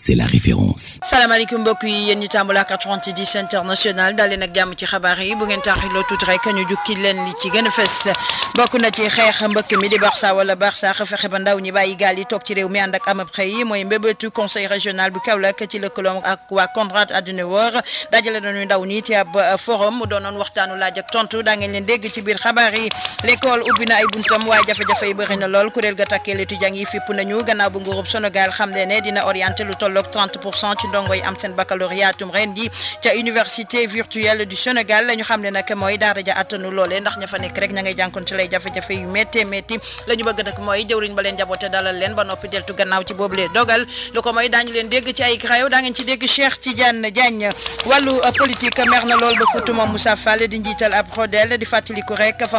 c'est la référence. salaamaaleykum mbokk yi yéen ñu tàmbali ak Atlantis ak jàmm ci xabaar yi bu ngeen taaxiloo tuuti rek ñu jukki leen ci gën a bokk na ci xeex mbëkk mi di Barça wala Barça fexe ba ndaw ñi bàyyi gaal yi toog ci réew mi ànd ak amab xëy mooy mbébétu conseil régional bu Kaolack ci lëkkaloom ak waa Konrad Adenauer dajale nañu ndaw ñi ci ab euh, forum doonoon waxtaanu laaj ak tontu daa leen dégg ci biir xabaar yi l'école tolloog 30 pour cent ci ndongo yi am seen baccalauréatum ren ca université virtuelle du Sénégal la xam ne nag mooy daara ja attanu loolee ndax ña fa nekk rek ña ngay jànkonte lay jafe-jafe yu méttee métti la bëgg nag mooy jëwriñ ba leen jaboote dalal leen ba noppi deltu gannaaw ci boobu lee dogal lu ko mooy daañu leen dégg ci ay xew daa ngeen ci dégg Cheikh Tidiane Diagne wàllu euh, politique mer na lool ba futu moom di njiital ab xodel di fàttaliku rek fa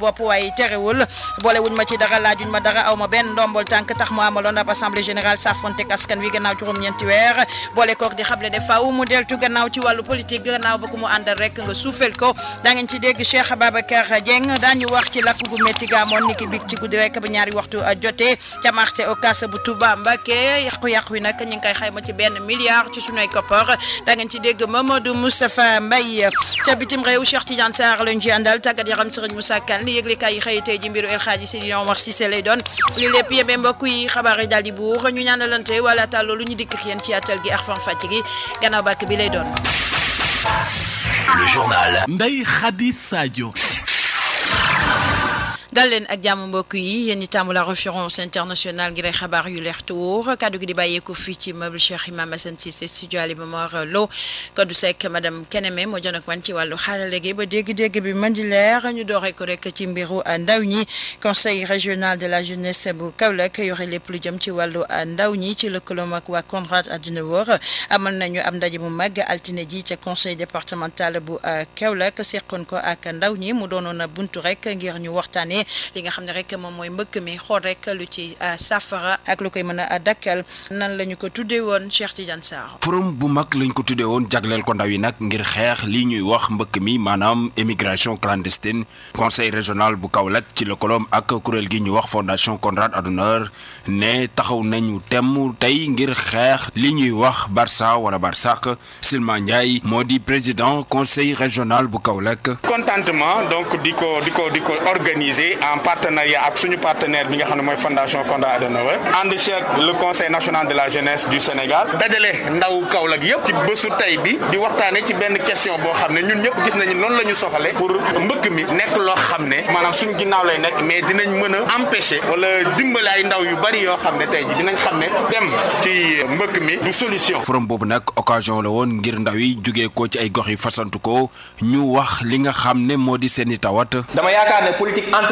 bopp waaye terewul boolewuñ ma ci dara laajuñ ma dara aw ma benn ndombol tànk tax mu amaloon ab assemblée générale safonte askan wi gannaaw juróom-ñeenti weer boole kook di xamle ne faaw mu deltu gannaaw ci wàllu politique gannaaw ba ku mu àndal rek nga suufel ko daa ngeen ci dégg Cheikh Babacar Dieng daañu wax ci lakk gu métti ga amoon niki bi ci guddi rek ba ñaari waxtu jotee ca marché Ocass bu Touba Mbacké yàqu-yàqu yi nag ñu ngi koy xayma ci benn milliard ci sunuy koppar daa ngeen ci dégg Mamadou Moustapha Mbaye ca bitim réew Cheikh Tidiane Sarr lañ ci daal ni yëgle yi xëy tey ji mbiru El Hadji Seydina Omar Cissé lay doon li lépp yemee mbokk yi xabaar yi daal di buur ñu ñaanalante wala taal loolu ñu dikk ak yéen ci yaatal gi ak fanfàcc gi gannaaw bàkk bi lay doon. Le journal Ndeye Khady Sadio. dal leen ak jàmm mbokk yi yéen ñi tàmmu la référence internationale ngir ay xabaar yu leer te wóor gi di bàyyeeko fii ci meuble Cheikh Imam Assane studio Ali Momar Lo sekk madame Keneme moo ak man ci wàllu xarale ba dégg bi man di leer ñu dooree ko rek ci mbiru ndaw ñi conseil régional de la jeunesse bu Kaolack yore lépp lu jëm ci wàllu ndaw ñi ci lëkkaloom ak waa Konrad Adenauer amal nañu am ndaje mu mag altine ji ca conseil départemental bu euh, Kaolack seqoon ko ak ndaw ñi mu doonoon buntu rek ngir ñu waxtaanee waxtaanee li nga xam ne rek moom mooy mbëkk mi xool rek lu ci euh, safara ak lu koy mën a nan la ñu ko tuddee woon Cheikh Tidiane Sarr. forum bu mag lañ ko tuddee woon jagleel ko ndaw yi nag ngir xeex lii ñuy wax mbëkk mi maanaam émigration clandestine conseil régional bu Kaolack ci lëkkaloom ak kuréel gi ñu wax fondation Konrad Adenauer ne taxaw nañu temm tey ngir xeex li ñuy wax Barça wala Barsaq Silma Ndiaye moo di président conseil régional bu Kaolack. contentement liggéey en partenariat ak suñu partenaire bi nga xam ne mooy fondation Konrad Adenauer ànd ceeg le conseil national de la jeunesse du Sénégal dajale ndaw Kaolack yëpp ci bésu tey bi di waxtaane ci benn question boo xam ne ñun ñëpp gis nañu noonu la ñu soxale pour mbëkk mi nekk loo xam ne maanaam suñ ginnaaw lay nekk mais dinañ mën a empêcher wala dimbali ay ndaw yu bari yoo xam ne tey ji dinañ xam ne dem ci mbëkk mi du solution. forum boobu nag occasion la woon ngir ndaw yi jugee ko ci ay gox yi fasantu ñu wax li nga xam ne moo di seeni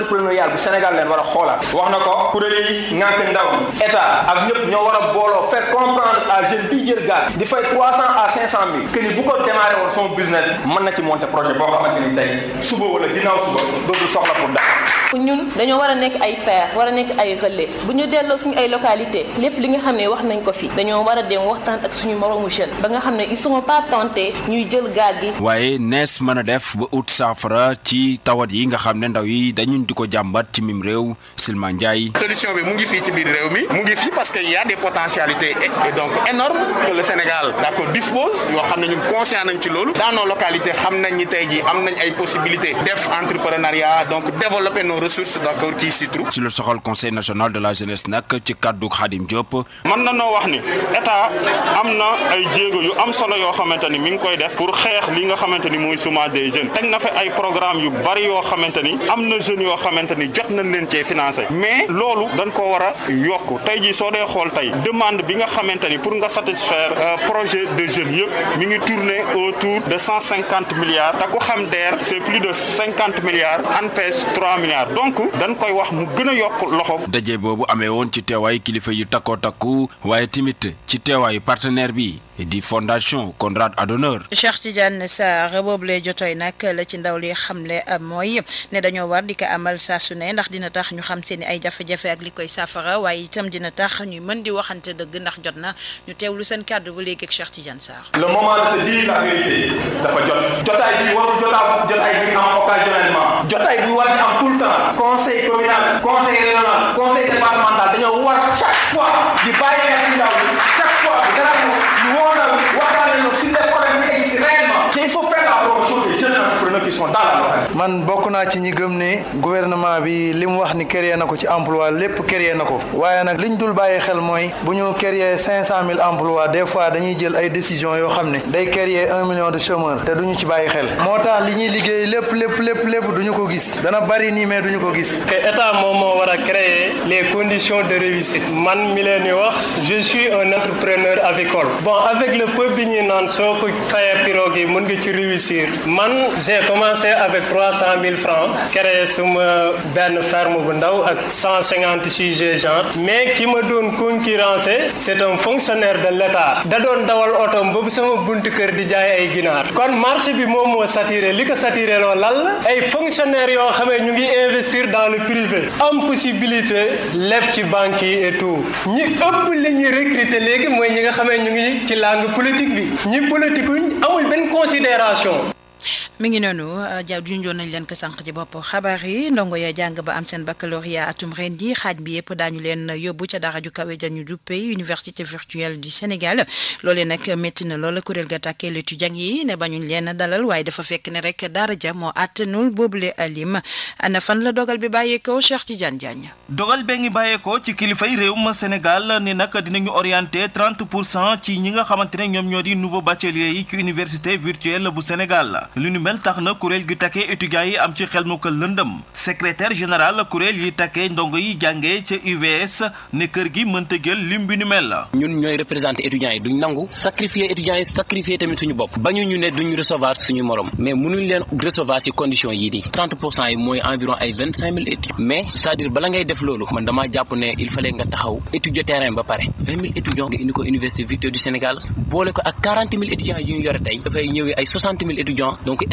entrepreneurial bu Sénégal leen war a xoolaat wax na ko kuréel yi ngànk ndaw ñi ak ñëpp ñoo war a booloo faire comprendre à jeune bi jël di fay trois cent à cinq cent mille que ni bu ko démarré woon son business mën na ci monter projet boo xamante ni tey suba wala ginnaaw suba dootul soxla pour dara ñun dañoo war a nekk ay père war a nekk ay relais bu ñu delloo suñu ay localité lépp li nga xam ne wax nañ ko fi dañoo war a dem waxtaan ak suñu moromu jeune ba nga xam ne ils sont pas tentés ñuy jël gaal gi. waaye nees mën a def ba ut saafara ci tawat yi nga xam ne ndaw yi dañu di ko jàmbat ci mim réew Silema Ndiaye. solution bi mu ngi fii ci biir réew mi mu ngi fii parce que yaa a des potentialités et donc énormes que le Sénégal d'accord dispose yoo xam ne ñu conscient nañ ci loolu dans nos localités xam nañ tey jii am nañ ay possibilités def entrepreneuriat ressources d'accord qui s'y trouve. ci lu soxal conseil national de la jeunesse nag ci kàddu Khadim Diop. mën na noo wax ni état am na ay jéego yu am solo yoo xamante ni mi ngi koy def pour xeex li nga xamante ni mooy chômage des jeunes teg na fi ay programme yu bari yoo xamante am na jeunes yoo xamante jot nañ leen cee financé mais loolu dañ ko war a yokk tey jii soo dee xool tey demande bi nga xamante pour nga satisfaire euh, projet de jeunes yëpp mi ngi tourner autour de cent cinquante milliards te ku xam DER c'est plus de donc dañ koy wax mu gën a yokk loxoom. daje boobu amee woon ci teewaayu kilifa yu takkoo takku waaye timit ci teewaayu partenaire bi di fondation Konrad Adenauer. Cheikh Tidiane boobu boobule jotoy nag la ci ndaw li xamle mooy ne dañoo war di ko amal saa su ne ndax dina tax ñu xam seen ay jafe-jafe ak li koy saafara waaye itam dina tax ñuy mën di waxante dëgg ndax jot na ñu teewlu seen kàddu bu léegi ak Cheikh Tidiane Sarr. la vérité dafa jot. jotaay bi conseil communal conseil régional conseil départemental dañoo war chaque fois di bàyyi xel ci ndaw chaque fois bi dara ñu woo chômeurs qui sont dans la localité. man bokk naa ci ñi gëm ne gouvernement bi li mu wax ni créé na ko ci emploi lépp créé na ko waaye nag liñ dul bàyyi xel mooy bu ñu créé cinq cent mille emploi des fois dañuy jël ay décisions yoo xam ne day créé un million de chômeurs te ñu ci bàyyi xel moo tax li ñuy liggéey lépp lépp lépp lépp duñu ko gis dana bari nii mais duñu ko gis. que état moom moo war a créer les conditions de réussite man mi leen di wax je suis un entrepreneur avicole bon avec le peu bi ñuy naan commencé avec 300 000 francs créé ma benn ferme bu ndaw ak cent 150 sujets genre mais ki ma doon concurrencé c' est un fonctionnaire de l' état da doon dawal oto boobu sama buntu kër di jaay ay ginaar kon marché bi moom moo saturé li ko saturé loo lan la ay fonctionnaires yoo xamee ñu ngi investir dans le privé am possibilité leb ci banques yi et tout ñi ëpp li ñuy recruter léegi mooy ñi nga xamee ñu ngi ci làng politique bi ñi politikuñ amul benn considération mi ngi noonu euh, jaaw junjoon nañ leen ko sànq ci bopp xabaar yi ndongo ya jàng ba am seen baccalauréat atum ren ji xaaj bi yëpp daañu leen yóbbu ca dara ju kawe jañu duppe université virtuelle du Sénégal loolee nag métti na loola kuréel ga tàkkee lu jàng yi ne bañuñ leen dalal waaye dafa fekk ne rek daara ja moo àttanul boobule alim na fan la dogal bi bàyyeekoo ci Tidiane Diagne. dogal bee ngi bàyyeekoo ci kilifay réewum Sénégal ne nag dinañu orienté 30 pour cent ci ñi nga xamante ne ñoom ñoo di nouveau bachelier yi ci université virtuelle bu Sénégal. mel tax na kuréel gi takkee étudiants yi am ci xel mu ko lëndëm secrétaire général kuréel yi takkee ndongo yi jàngee ca UVS ne kër gi mënta jël lim bi mel la. ñun ñooy représenté étudiants yi duñ nangu sacrifier étudiants yi sacrifier tamit suñu bopp bañu ñu ne duñ recevoir suñu morom mais mënuñ leen recevoir ci condition yii nii 30 pour cent mooy environ ay mais cest à bala ngay def loolu man damaa jàpp ne il fallait nga taxaw étudier terrain ba pare 20000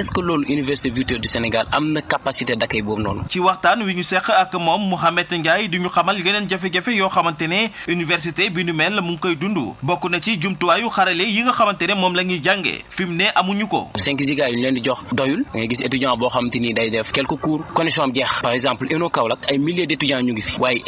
est-ce que loolu université virtuelle du Sénégal am na capacité d'accueil boobu noonu. ci waxtaan wi ñu seq ak moom Mouhamed Ndiaye du ñu xamal yeneen jafe-jafe yoo xamante ne université bi nu mel mu ngi koy dund bokk na ci jumtuwaayu xarale yi nga xamante ne moom la ñuy jàngee fi ne amuñu ko. 5 giga leen di jox doyul ngay gis étudiant boo xamante ni day def quelques cours connexion am jeex par exemple ENO Kaolack ay milliers d'étudiants ñu ngi fi waaye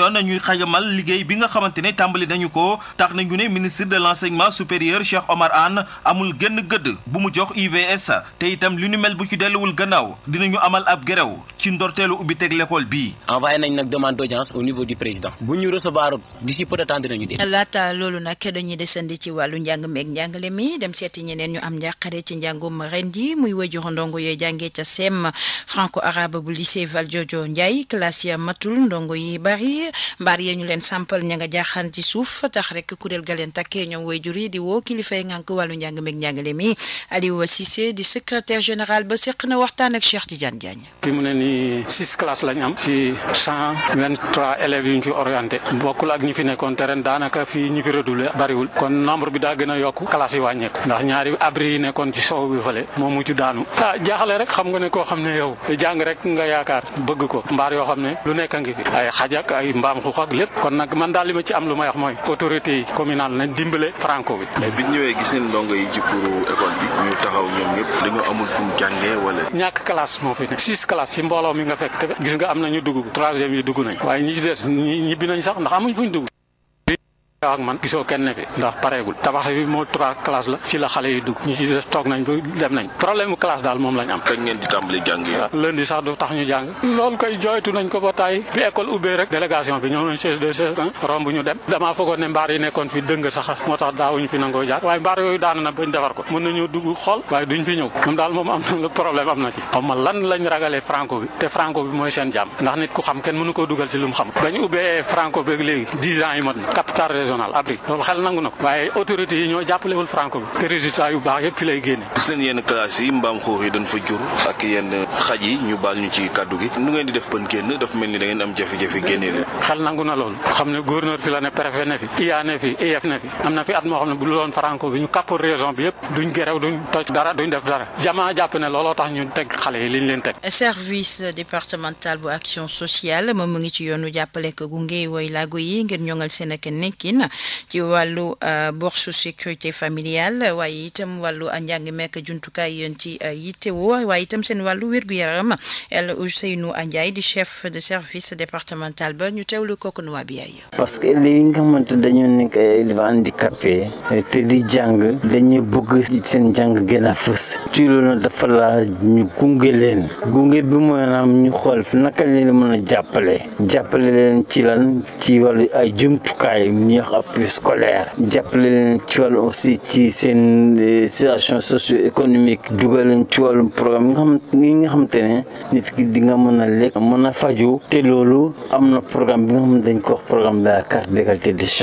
yoon ñuy xajamal bi nga xamante ne tàmbali nañu ko tax nañu ne ministre de l'enseignement supérieur Cheikh Omar Anne amul génn gëdd bu mu jox UVS te itam li ñu mel bu ci delluwul gannaaw dinañu amal ab gerew ci ndorteelu ubbi teg l'école bii. envoyé nañ nag demande d'audience au niveau du président bu ñu recevoir d'ici peu de temps dinañu dégg. laata loolu nag dañuy desandi ci wàllu njàng meeg njàngale mi dem seeti ñeneen ñu am njàqare ci njàngum ren ji muy wajur ndongo yooyu jàngee ca sem franco arabe bu lycée Valdiodio Ndiaye classe ya matul ndongo yi bari mbaar yee ñu leen sampal ña nga jaaxaan ci suuf tax rek kuréel ga leen takkee ñoom way di woo kilifay ngànk wàllu njàng mi ak Cheikh fi ñu fi orienté. bokkul ak ñi fi nekkoon te ren daanaka fii bariwul. kon nombre bi daa gën a yokk classes yi wàññeeku. ndax ñaari abri yi nekkoon ci sow bi fële moo mujj daanu. ah rek xam nga ne xam ne yow jàng rek nga yaakaar bëgg ko mbaar yoo xam ne lu nekk a ngi fi ay xajak yi mbaam xuux ak lépp kon nag man daal li ma ci am lu may wax mooy autorité yi communale nañ dimbale franco bi. mais bi ñu ñëwee gis nañ ndongo yi ci pour école bi ñu taxaw ñoom ñëpp dañoo amul fu mu jàngee wala. ñàkk classe moo fi ne six classes ci mbooloo mi nga fekk te gis nga am na ñu dugg troisième yi dugg nañ waaye ñi des ñi ñibbi nañ sax ndax amuñ fuñ dugg ak man gisoo kenn fi ndax pareegul tabax bi moo trois classe la ci la xale yi dugg ñu ci toog nañ ba dem nañ problème mu classe daal moom lañ am. Ah, mbaar yi nekkoon fi dëng sax moo tax daawuñu fi nangoo jaar waaye mbaar yooyu daan bañ defar ko mën nañoo dugg xool waaye duñ fi ñëw moom daal moom am na problème am na ci xam ma lan lañ ragalee franco bi te franco bi mooy seen jàmm ndax nit ku xam kenn mënu dugal ci lu xam bañ ubbee franco régional abri ah, loolu xel nangu na ko waaye autorité yi ñoo jàppalewul franco bi te résultat yu baax yëpp fi lay génne gis nañ yenn classe yi mbaam xuux yi fa jur ak yenn xaj yi ñu baal ñu ci kàddu gi nu ngeen di def bën génn dafa mel ni da am jafe-jafe génne leen xel nangu na loolu xam ne gouverneur fi la ne préfet ne fi IA ne fi am na fi at moo xam ne bu loon franco bi ñu kàppoon région bi yëpp duñ gerew duñ toj dara duñ def dara jamaa jàpp ne looloo jigéen ci wàllu euh, bourse sécurité familiale waaye itam wàllu njàng mekk jumtukaay yéen ci euh, woo waaye itam seen wàllu wér-gu-yaram El Ousseynou Ndiaye di chef de service départemental ba ñu teewlu kooku nuwaa bi yaay parce que élèves yi nga xamante dañoo nekk ay élèves te di jàng dañuy bëgg seen jàng gën a fës ci loolu dafa laaj ñu gunge leen gunge bi mooy naam ñu xool naka leen mën a jàppale jàppale leen ci lan ci wàllu ay jumtukaay appui scolaire jàppale leen ci wàllu aussi ci seen euh, situation socio-économique dugal leen ci wàllum programme nga xam ni nga xamante ne nit ki di nga mën a lekk mën a faju te loolu am na programme bi nga xam ne dañ ko wax programme de la carte d'égalité des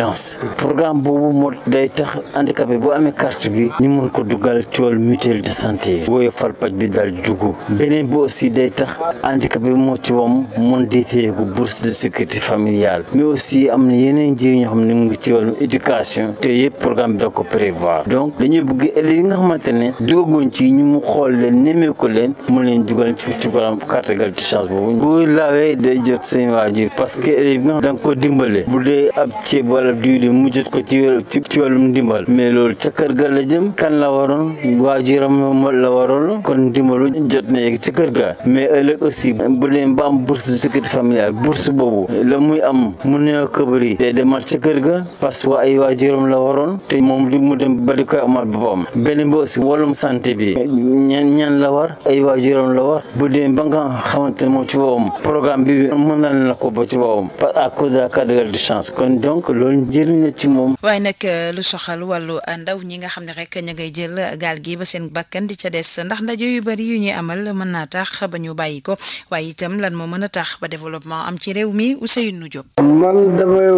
programme boobu moo day tax handicapé bu amee carte bi ñu mën ko dugal ci wàllu mutuelle de santé wooyu fal paj bi daal dugg beneen bi aussi day tax handicapé moo ci wam mën di feyeeku bourse de sécurité familiale mais aussi am na yeneen njëriñ xam ne mu ngi ci wàllum éducation te yëpp programme bi da ko prévoir donc dañuy bëgg élèves yi nga xamante ne doogoon ci ñu mu xool leen nemee ko leen mun leen dugal ci ci programme carte d'égalité chance boobu bu laawee day jot seen waajur parce que élèves nga da nga ko dimbale bu dee ab ceeb wala diwlin mu jot ko ci ci wàllum ndimbal mais loolu ca kër ga la jëm kan la waroon waajuram moo la waroon kon ndimbalu jot na yegg ca kër ga mais ëllëg aussi bu leen ba am bourse de sécurité familiale bourse boobu la muy am mu ko bëri day kër ga la parce que ay waajuram la waroon te moom li mu dem ba di koy amal boppam beneen bi aussi wàllum santé bi ñan ñan la war ay waajuram la war bu dee ba nga xamante ne moom ci boppam programme bi mën na la ko ba ci boppam à kon donc loolu njëriñ ci moom. waaye nag euh, lu soxal wàllu ndaw ñi nga xam ne rek ña ngay jël gaal gi ba seen bakkan di ca des ndax ndaje yu bari yu ñuy amal mën naa tax ba ñu bàyyi ko waaye itam lan moo mën a tax ba développement am ci réew mi Ousseynou Diop. man damay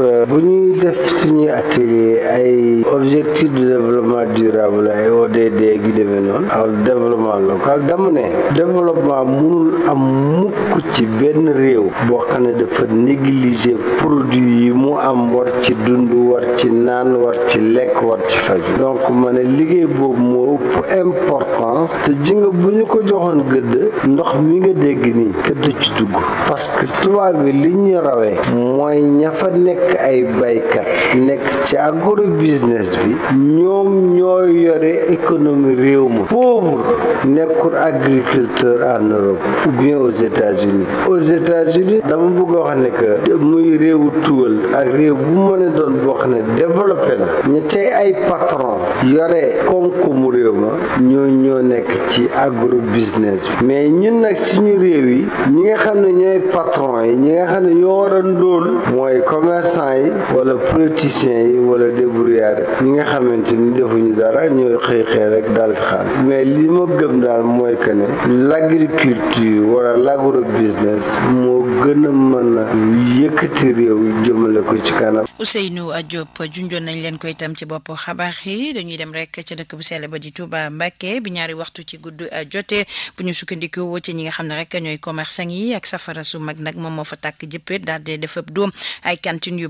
Euh, bu ñuy def suñuy atelier ay objectifs de développement durable ay ODD gi demee noonu aw développement local dama ne développement mënul am mukk ci benn réew boo xam ne dafa négliger produit yi mu am war ci dund war ci naan war ci lekk war ci faju donc ma liggéey boobu moo ëpp importance te ji bu ñu ko joxoon gëdd ndox mi nga dégg nii gëdd ci dugg parce tubaab li ñu rawee mooy ña fa nekk nekk ay baykat nekk ci agro business bi ñoom ñoo yore économie réew ma pauvre nekkul agriculteur en Europe ou bien aux États-Unis aux États-Unis dama bëgg xam ne que muy réew tugal ak réew bu mën a doon boo xam ne développé na ñu tey ay patron yore koom-koomu réew ma ñoo ñoo nekk ci agro business bi mais ñu nag suñu réew yi ñi nga xam ne ñooy patron yi ñi nga xam ne ñoo war a ndóol mooy commerce commerçant yi wala politicien yi wala débrouillard ñi nga xamante ni defuñu dara ñooy xëy xëy rek daal ci xaalis mais li ma gëm daal mooy que ne l'agriculture wala l'agrobusiness moo gën a mën a yëkkati réew jëmale ko ci kanam. Ousseynou Diop junjoon nañ leen ko itam ci bopp xabaar yi dañuy dem rek ca dëkk bu sell ba di Touba Mbacké bi ñaari waxtu ci gudd jotee bu ñu sukkandikoo ci ñi nga xam ne rek ñooy commerçant yi ak safara su mag nag moom moo fa tàkk jëppee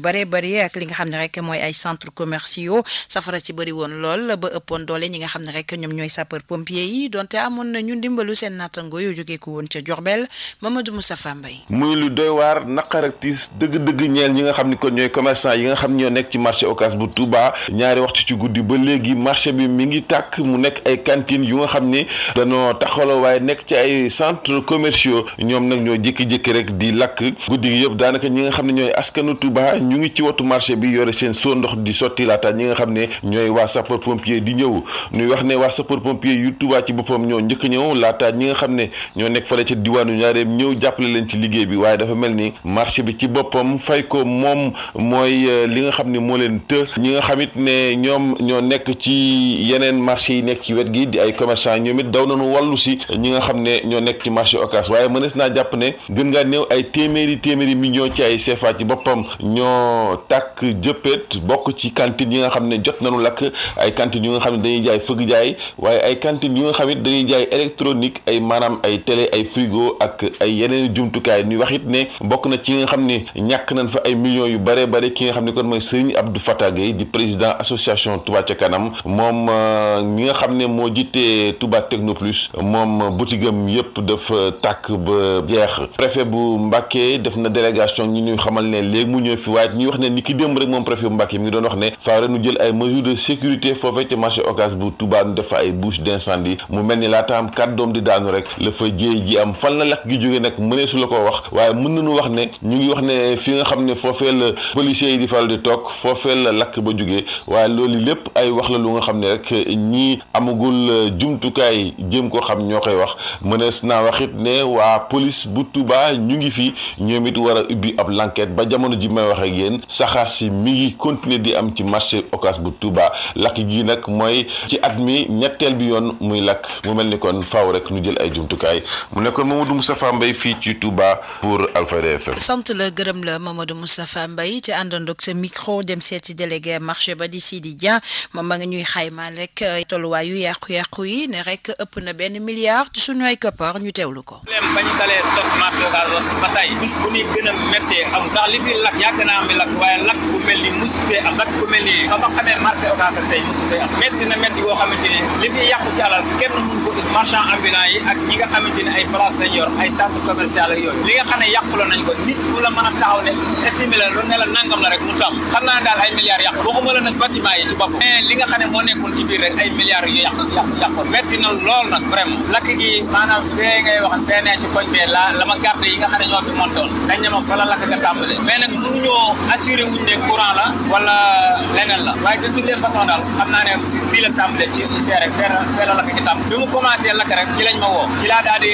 bare bari ak li nga xam ne rek mooy ay centres commerciaux safara si bëri lool ba ëppoon doole ñi nga xam ne rek ñoom ñooy sapeur pompier yi donte amoon nañu ndimbalu seen naataango yu jógee ko woon ca Diourbel Mamadou Moustapha Mbaye muy lu doy waar ñi nga xam ni kon ñooy commerçant yi nga xam ñoo nekk ci marché Ocass bu Touba ñaari waxtu ci guddi ba léegi marché bi mi ngi tàkk mu nekk ay cantines yu nga xam ni dañoo taxawloo waaye nekk ci ay centres commerciaux ñoom nag ñoo jékki-jékki rek di lakk guddi gi yëpp daanaka ñi nga xam ne ñooy askanu Touba ñu ngi ci watu marché bi yore seen soo ndox di sotti laata ñi nga xam ne ñooy waa sapeur pompier di ñëw ñuy wax ne waa sapeur pompier yu Tuubaa ci boppam ñoo njëkk ñëw laata ñi nga xam ne ñoo nekk fale ca diwaanu ñaareem ñëw jàppale leen ci liggéey bi waaye dafa ni marché bi ci boppam fay moom mooy euh, li nga xam ne moo leen të ñi nga xamit ne ñoom ñoo nekk ci yeneen marché yi nekk ci wet gi di ay commerçant ñoom it daw nañu wàllu si ñi nga xam ne ñoo nekk ci marché Ocass waaye mënees naa jàpp ne gën ngaa néew ay téeméeri téeméeri million ci ay CFA ci boppam dañoo tàkk jëppet bokk ci cantine yi nga xam ne jot nañu lakk ay cantine yu nga xam ne dañuy jaay fëgg jaay waaye ay cantine yu nga xam ne dañuy jaay électronique ay maanaam ay télé ay frigo ak ay yeneen jumtukaay ñuy wax it ne bokk na ci nga xam ne ñàkk nañ fa ay millions yu bare bare ki nga xam ne kon mooy Serigne Abdou Fatah Gueye di président association Touba ca kanam moom ñi euh, nga xam ne moo jiitee Touba Technoplus moom euh, boutique am yëpp dafa euh, takk ba jeex préfet laaj ñuy wax ne ni ki démb rek moom préfet bu Mbàkke mi ngi doon wax ne faaw rek jël ay mesures de sécurité foofee ci marché Ocass bu Touba ñu def fa ay bouche d'incendie mel ni laataam kàddoom di daanu rek la fa jéey ji am fan la lakk gi jóge nag mënee su la ko wax waaye mën nañu wax ne ñu ngi wax ne fi nga xam ne foofee policiers yi di faral di toog foofeel la lakk ba jógee waaye loolu lépp ay wax la lu nga xam ne rek ñii amagul jumtukaay jëm ko xam ñoo koy wax mënees naa wax it ne waa police bu tubaa ñu ngi fi ñoom it war a ubbi ab l'enquête ba jamono ji may waxee ak yéen saxaar si mi ngi continuer di am ci marché Ocass bu Touba lakk gi nag mooy ci at mi ñetteel bi yoon muy lakk mu mel ni kon faw rek ñu jël ay jumtukaay mu nekkoon Mamadou Moustapha Mbaye fii ci Touba pour Alfayda FM. sant la gërëm la Mamadou Moustapha Mbaye ci àndandoog sa micro dem seeti ci délégué marché ba di di Dia moom ma nga ñuy xaymaal rek euh, tolluwaayu yàqu-yàqu yi ne rekk ëpp na benn milliard ci suñu ay koppar ñu teewlu ko. camp bi lakk waaye lakk bu mel ni mosu fee am lakk bu mel li nga xam ne yàqula nañ ko nit bu la mën a taxaw ne estimé lu ne nangam la rek mu tam xam naa daal ay milliards yàqu waxuma la na lool nag vraiment lakk gi maanaam fee ngay wax fee ci koñ bee la la ma garde yi nga xam ne ñoo fi montoon dañ ne ma fa la lakk nga tàmbale mais nag mënuñoo ginnaaw assuré wuñ ne courant la wala leneen la waaye de toutes daal xam ne fii la tàmbalee ci seere feer feer la lakk ci tàmb bi mu commencé lakk rek ci lañ ma woo ci laa daal di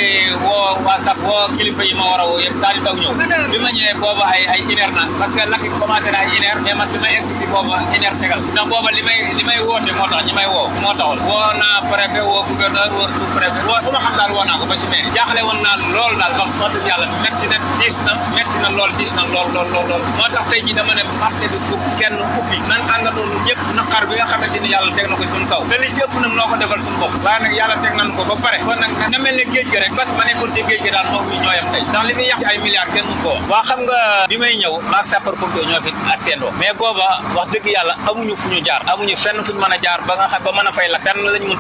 woo kilifa yi ma war a woo di daw ñëw bi ma ñëwee booba ay ay une parce que lakk commencé ay une heure bi may expliqué booba une heure tegal ndax li may li moo tax ñi may woo moo taxul woo naa préfet woo gouverneur woo sous préfet woo fu ma xam daal woo naa ko ba ci mairie jaaxle tey ji dama ne marché bi bu kenn ubbi nan àndandoo ñun ñëpp naqar bi nga xamante ni yàlla teg na ko suñu kaw te li ëpp nag noo ko defal suñu bopp ba pare kon nag mel ne géej gi rek bas ma nekkoon ci géej gi daal moom ñu ñooyam tey ndax li muy yàq ci ay milliards kenn mun ko wax waa xam nga bi may ñëw maag sapeur pompier ñoo fi ak seen doo mais booba wax dëgg yàlla amuñu fu ñu jaar amuñu fenn fu ñu a jaar ba nga xam ba mën a fay lakk fenn lañ mën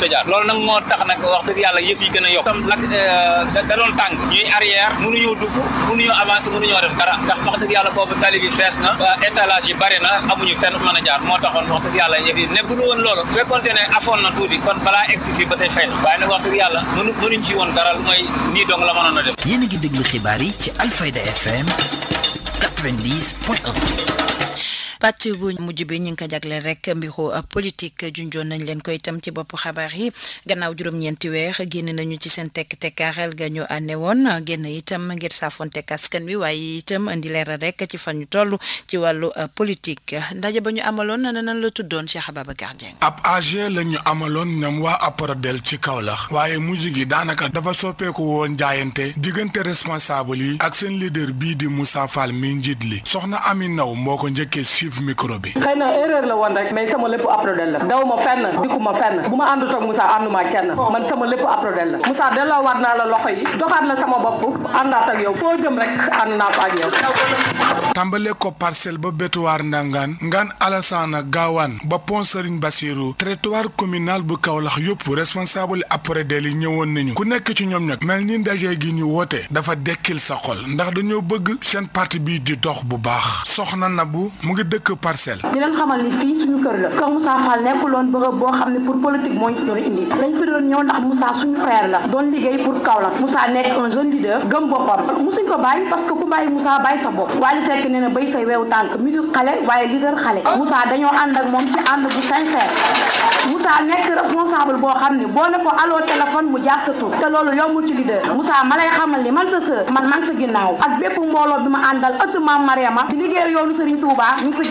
ta a fees na euh, étalage yi bari na amuñu fenn mën a jaar moo taxoon wax dëgg yàlla yëf yi nekkul woon loolu fekkonte ne afoon na tuuti kon balaa egsi fii ba tey fay na waaye nag wax dëgg yàlla mënuñ ci woon dara mooy nii dong la mënoon a def yéen a ngi déglu xibaar yi ci Alfayda FM 90 pàcc bu mujj bi ñu ngi ko jagleel rek mbiru uh, politique junjoon nañ leen ko itam ci bopp xabaar yi gannaaw juróom-ñeenti weer génn nañu ci seen tekk kaareel ga ñu ànne woon génn itam ngir saafoonte kaskan bi waaye itam indi leeral rek ci fan ñu toll ci wàllu uh, politique ndaje ba ñu amaloon na nan la tuddoon Cheikh Ababacar Dieng. ab AG la ñu amaloon ñoom wax waa Aprodel ci Kaolack waaye mujj gi daanaka dafa soppeeku woon jaayante diggante responsable yi ak seen leader bii di Moussa Fall mi njiit li soxna Ami Ndaw moo ko collectif micro bi. xëy na erreur la woon la daw ma ma fenn bu ma àndut ak Moussa la Moussa delloo waat naa la loxo yi doxaat la sama bopp àndaat ba bétuwaar ndangaan ngaan Alassane gaawaan ba pont Serigne Bassirou territoire communal bu Kaolack yëpp responsable aprodel yi ñëwoon nañu ku nekk ci ñoom nag mel ni ndaje gi ñu woote dafa dekkil sa xol ndax dañoo bëgg seen parti bi di dox bu baax soxna Nabou mu ngi dëkk parcelle. di leen xamal ni fii suñu kër la kër Moussa Fall nekkuloon bërëb boo xam ne pour politique moo ñu fi doon dañ fi ñëw ndax Moussa suñu frère gëm boppam musuñ bàyyi sa bopp Wally Seck nee xale waaye dañoo ànd ak moom ci ànd bu sincère Moussa nekk responsable boo xam ne boo ne ko aloo téléphone mu jaar sa tur te loolu yombul ci leader Moussa ma lay xamal ni man sa sœur man man sa ginnaaw ak bépp mbooloo bi ma àndal ëtt maam Mariama di liggéeyal yoonu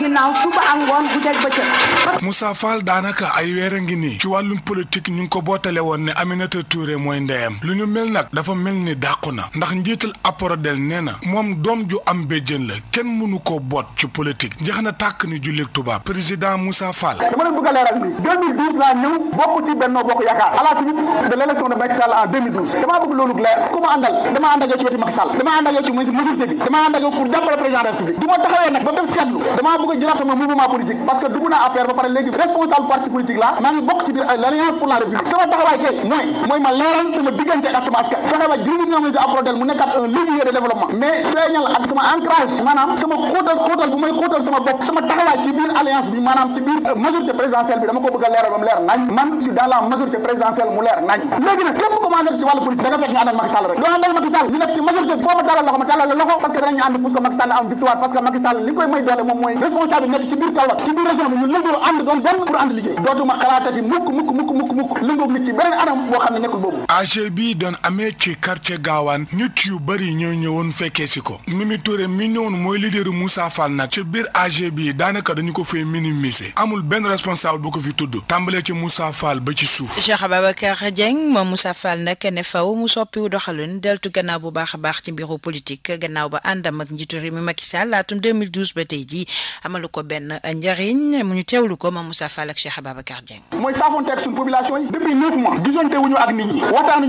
ginnaaw suba ak ngoon bu jeg daanaka ay weer a ngi nii ci wàllum politique ñu ngi ko bootale woon ne Aminata Touré mooy ndeyam lu ñu mel nag dafa mel ni dàqu na ndax njiital Aprodel nee na moom doom ju am béjjën la kenn mënu ko boot ci politique jeex na tàkk ni jullit tubaab président Moussa Fall. dama leen bëgg a leeral nii 2012 laa bokk ci Benno Bokk Yaakaar la suite de l' élection de Macky Sall en 2012 damaa bëgg loolu leer ku àndal damaa ànd ak yow ci wetu Macky Sall ànd ak yow ci bi damaa ànd ak yow pour jàppale président de la dama koy jëlaat sama mouvement politique parce que dugg naa affaire ba pare léegi responsable parti politique la maa ngi bokk ci biir l'alliance pour la république sama taxawaay kay mooy mooy ma leeral sama diggante ak sama askan fexe ba juróomi ñoom si aprodel mu nekkaat un levier de développement mais feeñal ak sama ancrage maanaam sama xóotal xóotal bu may xóotal sama bopp sama taxawaay ci biir alliance bi maanaam ci biir majorité présidentielle bi dama ko bëgg a leeral ba mu leer nañ man si dans la majorité présidentielle mu leer nañ léegi nag képp ko ma nekk ci wàllu politique da nga fekk nga àndal Macky Sall rek doo àndal Macky Sall ñu nekk ci majorité bi foo ma tàllal loxo ma tàllal loxo parce que danañu ànd pour que Macky Sall am victoire parce que Macky Sall li koy may doole moom mooy responsable nekk ci biir Kaolack ci biir région bi ñu benn pour ànd liggéey dootuma xalaatati mukk mukk mukk mukk mukk lëngoo nit ci beneen anam boo doon amee ci quartier Gaawaan nit yu bëri ñoo ñëwoon fekkee si ko Mimi Touré mi ñëwoon mooy leaderu Moussa Fall nag ci biir AG bi daanaka dañu ko fay minimiser amul benn responsable bu ko fi tudd tàmbalee ci Moussa Fall ba ci suuf Cheikh Ababacar Dieng moom Moussa Fall nag ne faw mu soppiwu doxalin deltu gannaaw bu baax a baax ci mbiru politique gannaaw ba àndam ak njiitu réew mi Macky Sall laatum 2012 ba tey jii amalu ko benn njariñ mu ñu teewlu ko moom Moussa Fall ak Cheikh Ababacar Dieng. mooy saafonteeg suñ population yi depuis neuf mois gisante wuñu ak nit ñi waxtaanu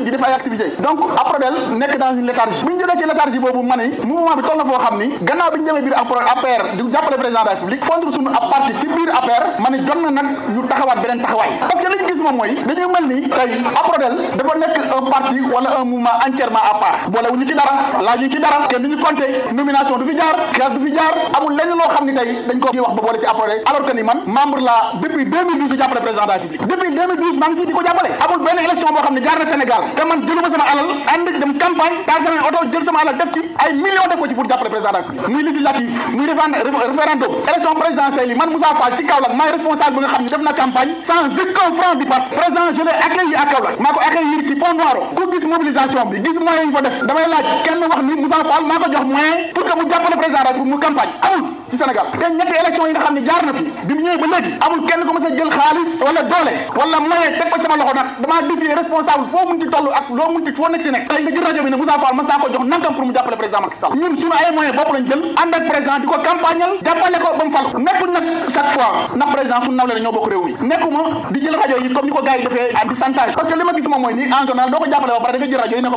di def ay activités donc après ab parti ci biir APR ma ni jot na nag ñu taxawaat beneen taxawaay parce que li ñu mooy dañuy mel ni tey après dafa nekk un parti wala un mouvement entièrement à boole wu ñu ci dara laaj ci dara te ni ñu compté nomination du fi jaar grâce du fi ci apporté alors que ni man membre la depuis 2012 di jàppale président de depuis 2012 maa ngi ci di ko jàppale amul benn élection boo xam ne jaar na Sénégal te man jëluma sama alal ànd dem campagne taal sama oto jël sama alal def ci ay millions def ko ci pour jàppale président de la République muy législative muy référendum élection dix moyens yi ñu a responsable foo mun ci toll ak loo mun ci foo nekk di ko ko ba mu fal président fu nawle ñoo bokk réew mi nekkuma di jël rajo yi comme ko gars defee ak di chantage parce que li ma moom mooy ni en doo ko jàppale ba pare da jël rajo yi ne ko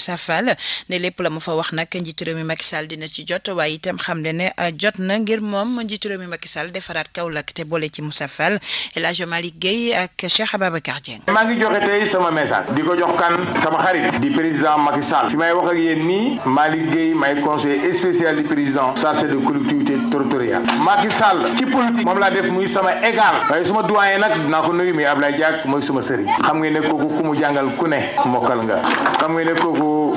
Moussa Fall ne lépp jot waaye itam xam le ne euh, na ngir moom njiitu réew mi Macky Sall defaraat Kaolack te boole ci Moussa Fall El Hadj Malick Guèye ak Cheikh Ababacar maa ngi joxe sama message di ko jox kan sama xarit di président Macky Sall fi may wax ak yéen nii Malick Guèye may conseiller spécial du de collectivité territoriale Macky Sall ci politique moom laa def muy sama égal waaye suma doyen nag dinaa ko nuyu muy Ablaye Diack mooy suma sëriñ xam nga ne kooku mu jàngal ku ne mokkal nga xam nga ne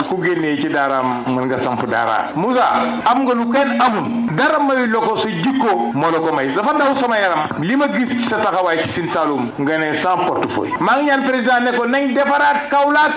ku génnee ci daaraam mën nga samp daara Moussa am nga lu kenn amul dara mayu la ko sa jikko moo la ko may dafa daw sama yaram li ma ci sa taxawaay ci Sine Saloum nga ne sans portefeuille maa ngi ñaan président ne ko nañ defaraat Kaolack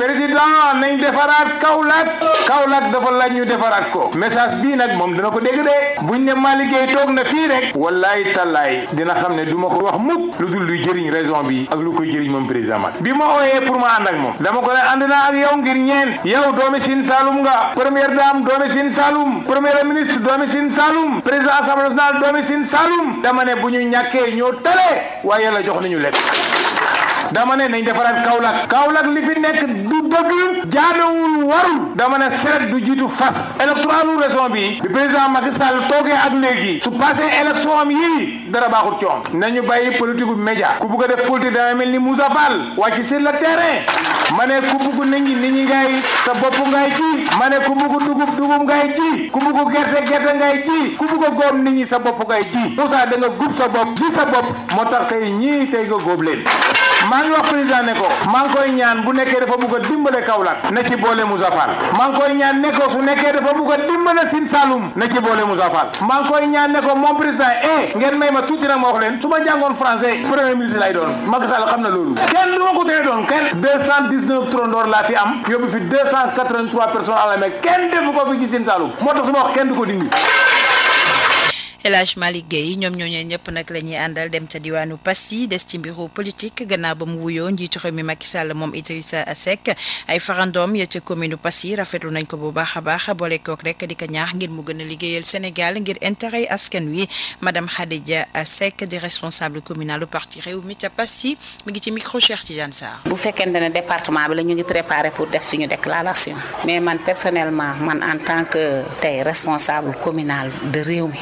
président nañ defaraat Kaolack Kaolack dafa laaj ñu defaraat ko message bii nag moom dana ko dégg de buñ ne Malick Gueye toog na fii rek wallaay tallaay dina xam ne du ma ko wax mukk lu dul luy jëriñ raison bi ak lu koy jëriñ moom président Macky bi ma ooyee pour ma ànd moom dama ko ne ànd naa ak yow ngir ñeen yow doomi Sine Saloum nga première dame doomi Sine Saloum premier ministre doomi Sine Saloum président assemblée doomi Sine Saloum dama ne bu ñu ñàkkee ñoo tale waaye yàlla jox nañu lekk dama ne nañ defaraat Kaolack Kaolack li fi nekk du bëgg jaadowul warul dama ne seret du jiitu fas électoralu région bi bi président Macky Sall toogee ak léegi su passé élection am yi dara baaxut ci am nañu bàyyi politique bu média ku bugg a def politique dama mel ni musa Moussa Fall wàcc sur le terrain ma ne ku bugg nit ñi nit ñi ngay sa bopp ngay ji ma ne ku bugg dugub dugub ngay ji ku bugg gerte gerte ngay ji ku bugg a góob nit ñi sa bopp ngay ji Moussa saa nga gub sa bopp ji sa bopp moo tax tey ñii tey góob leen maa ngi wax président ne ko maa ngi koy ñaan bu nekkee dafa bugg a dimbale Kaolack na ci boole Moussa Fall maa ngi koy ñaan ne su nekkee dafa bugg a dimbale Sine Saloum na ci boole Moussa Fall maa ngi koy ñaan ne ko moom président eh ngeen may ma tuuti nag ma wax leen su ma jàngoon français premier ministre lay doon Macky xam na loolu kenn du ma ko tee doon kenn deux cent dix trondoor laa fi am yóbbu fi deux cent quatre vingt trois kenn defu ko fi ci Sine Saloum moo tax ko El Hadj Malick yi ñoom ñooñu ñëpp nag la ñuy àndal dem ca diwaanu Passy des ci mbiru politique gannaaw ba mu wuyoo njiitu réew mi Macky Sall moom Idrissa Seck ay farandoom ya ca commune Passy rafetlu nañ ko bu baax a baax boole kook rek di ko ñaax ngir mu gën a liggéeyal Sénégal ngir intérêt askan wi madame Khadija Seck di responsable communal du parti réew mi ca Passy mu ngi ci micro Cheikh Tidiane Sarr. bu fekkente ne département bi la ñu ngi préparé pour def suñu déclaration mais man personnellement man en tant que tey responsable communal réew mi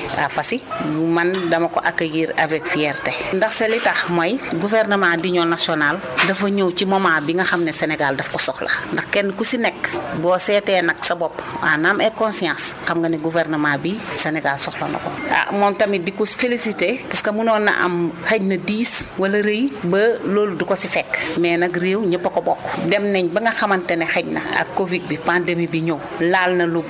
si man dama ko accueillir avec fierté ndax se li tax mooy gouvernement ñoo nationale dafa ñëw ci moment bi nga xam ne Sénégal daf ko soxla ndax kenn ku si nekk boo seetee nag sa bopp en âme et conscience xam nga ne gouvernement bi Sénégal soxla na ko ah moom tamit di ko félicité parce que mënoon na am xëj na diis wala rëy ba loolu du ko si fekk mais nag réew ñëpp a ko bokk dem nañ ba nga xamante ne xëj na ak Covid bi pandémie bi ñëw laal na lu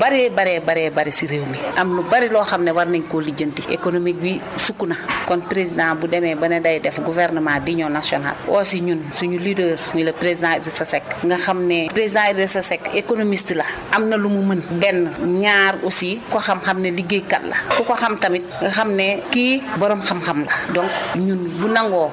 mi lijjanti économique bi sukk na kon président bu demee ba ne day def gouvernement d'union nationale si ñun suñu leader muy le président sa Seck nga xam ne président sa Seck économiste la am na lu mu mën benn ñaar aussi ko xam-xam ne kat la ku ko xam tamit nga xam ne kii boroom xam-xam la donc ñun bu nangoo